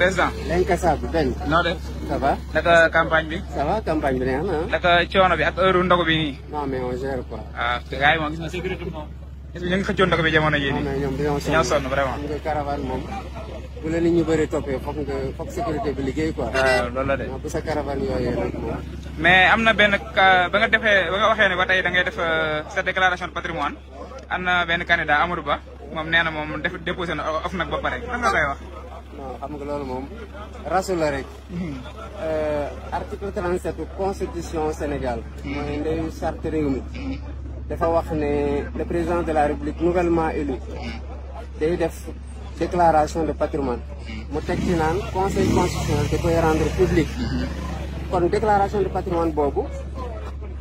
président Lenka Sabu Ben, noo def. ça va. naka campagne bi. ça va campagne bi neex naka coono bi ak heure ndogu bi nii. non mais on gère quoi. ah gars yi moom gis na sécurité bi moom. gis nga ñu ngi xëccoon bi jamono jii nii. non mais ñoom dañoo sonn vraiment. ngi caravane moom. bu la nit ñu bëri toppee foog nga foog sécurité bi liggéey quoi. waaw loolu la ya de. bu eh, sa caravane yooyee nag mais am na ba nga ba nga ba da ya, ngay def sa déclaration de patrimoine am na candidat Amadou Ba def déposé na of ba nga koy wax. non xam nga loolu moom rasu la vous euh, article 37 constitution Sénégal. mooy ndeyu charte réew dafa wax le président de la république nouvellement élu eu def déclaration de patrimoine mu teg ci naan conseil constitutionnel da koy rendre public Une déclaration de patrimoine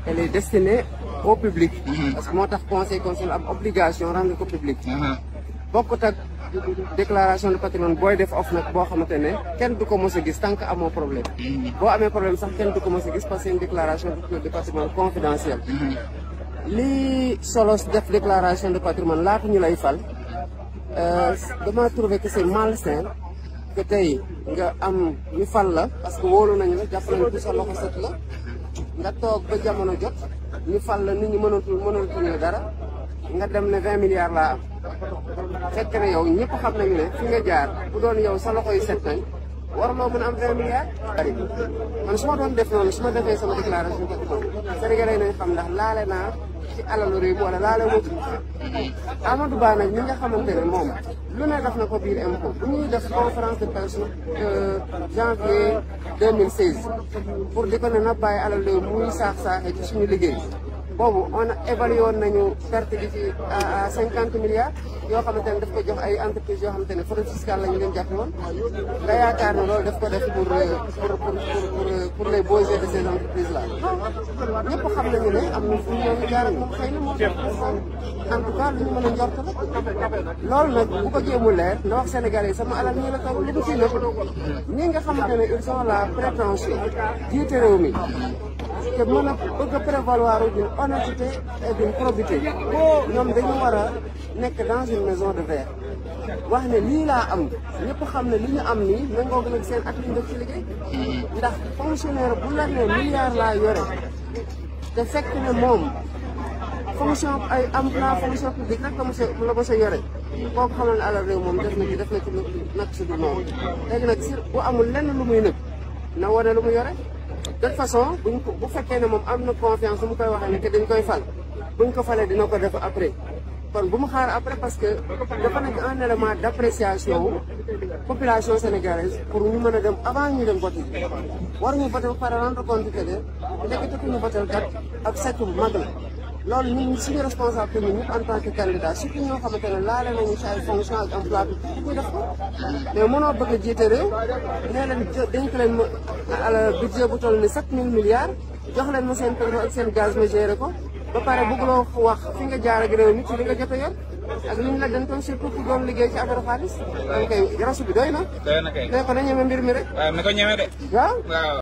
elle est destinée au public parce que le conseil constitutionnel am obligation rendre ko public bokkut déclaration de patrimoine booy def off nag boo xamante ne kenn du ko mos a gis tant que amoo problème boo amee problème sax kenn du ko mos a gis parce que une déclaration de patrimoine confidentielle lii solo def déclaration de patrimoine laata ñu lay fal euh, dama trouvé que c'est malsain que tey nga am ñu fal la parce que wóolu nañu la jàpp nañu bu sa loxo set la nga toog ba jamono jot ñu fal la nit ñu mënatul mënatul dara nga dem ne vingt milliards laa am fekk na yow ñëpp xam nañu ne fi nga jaar bu doon yow sa loxo yi set nañ warloo mën am 20 milliards. man su ma doon def noonu su ma defee sama déclaration ko defoon Sénégalais xam ndax laale naa ci alalu réew mi wala laale moo ci Amadou Ba nag ñi nga xamante ne moom lu ne def na ko biir impôt bu ñuy def conférence de presse euh, janvier 2016 pour di ko ne na bàyyi alal réew muy saax saaxee ci suñu liggéey. boobu on évalué woon nañu perte bi ci à cinquante milliards yoo xamante ne daf ko jox ay entreprises yoo xamante ne fraude fiscale la ñu leen jàpp woon nga yaakaar ne loolu daf ko def pour euh, pour pour euh, pour les beaux yeux de ces entreprises là non xam nañu ne am na fu ñoom jaar ñu na moo tax en tout lu ñu mën a njort la loolu nag bu ko jéemu leer nga wax Sénégalais sama alal ñii la taw li mu ciy nëpp ñi nga xamante ne ils sont la prétention jiite réew mi te mën a bëgg a prévaloir d'une honnêteté et d'une probité ñoom dañu war a nekk dans une maison de verre wax ne nii laa am ñëpp xam ne li ñu am nii méngoog nag seen at liñ def ci liggéey ndax fonctionnaire la ne milliard laa yore te fekk ne moom fonction ay emploi fonction publique rek la mos a a moom def na def na ci nag su léegi nag si bu amul lenn lu muy nëb na wane lu mu yore de toute façon buñ ko bu fekkee ne moom am na confiance bu mu koy waxee ne que dañ koy fal buñ ko falee dina ko def après kon bu mu xaar après parce que dafa nekk un élément d' appréciation population sénégalaise pour ñu mën a dem avant ñu dem voté war ñu voté ba pare rendre compte que de ndekete ku ñu voté kat ak sàcc mag la loolu ñun suñu responsable commune ñëpp en tant que candidat surtout ñoo xamante ne laale nañu ci ay fonction ak emploi a jiite réew nee leen bu toll ni sept mille milliards jox leen ma seen pétrole ak seen gaz ma ko ba pare bëgguloo wax fi nga jaar ak réew mi li nga jot a yor ak li ñu la dentoon surtout ku doon liggéey ci affaire xaalis donc bi doy na. doy na kay ne na ñeme mbir mi rek. waaw na ko ñeme de. waaw.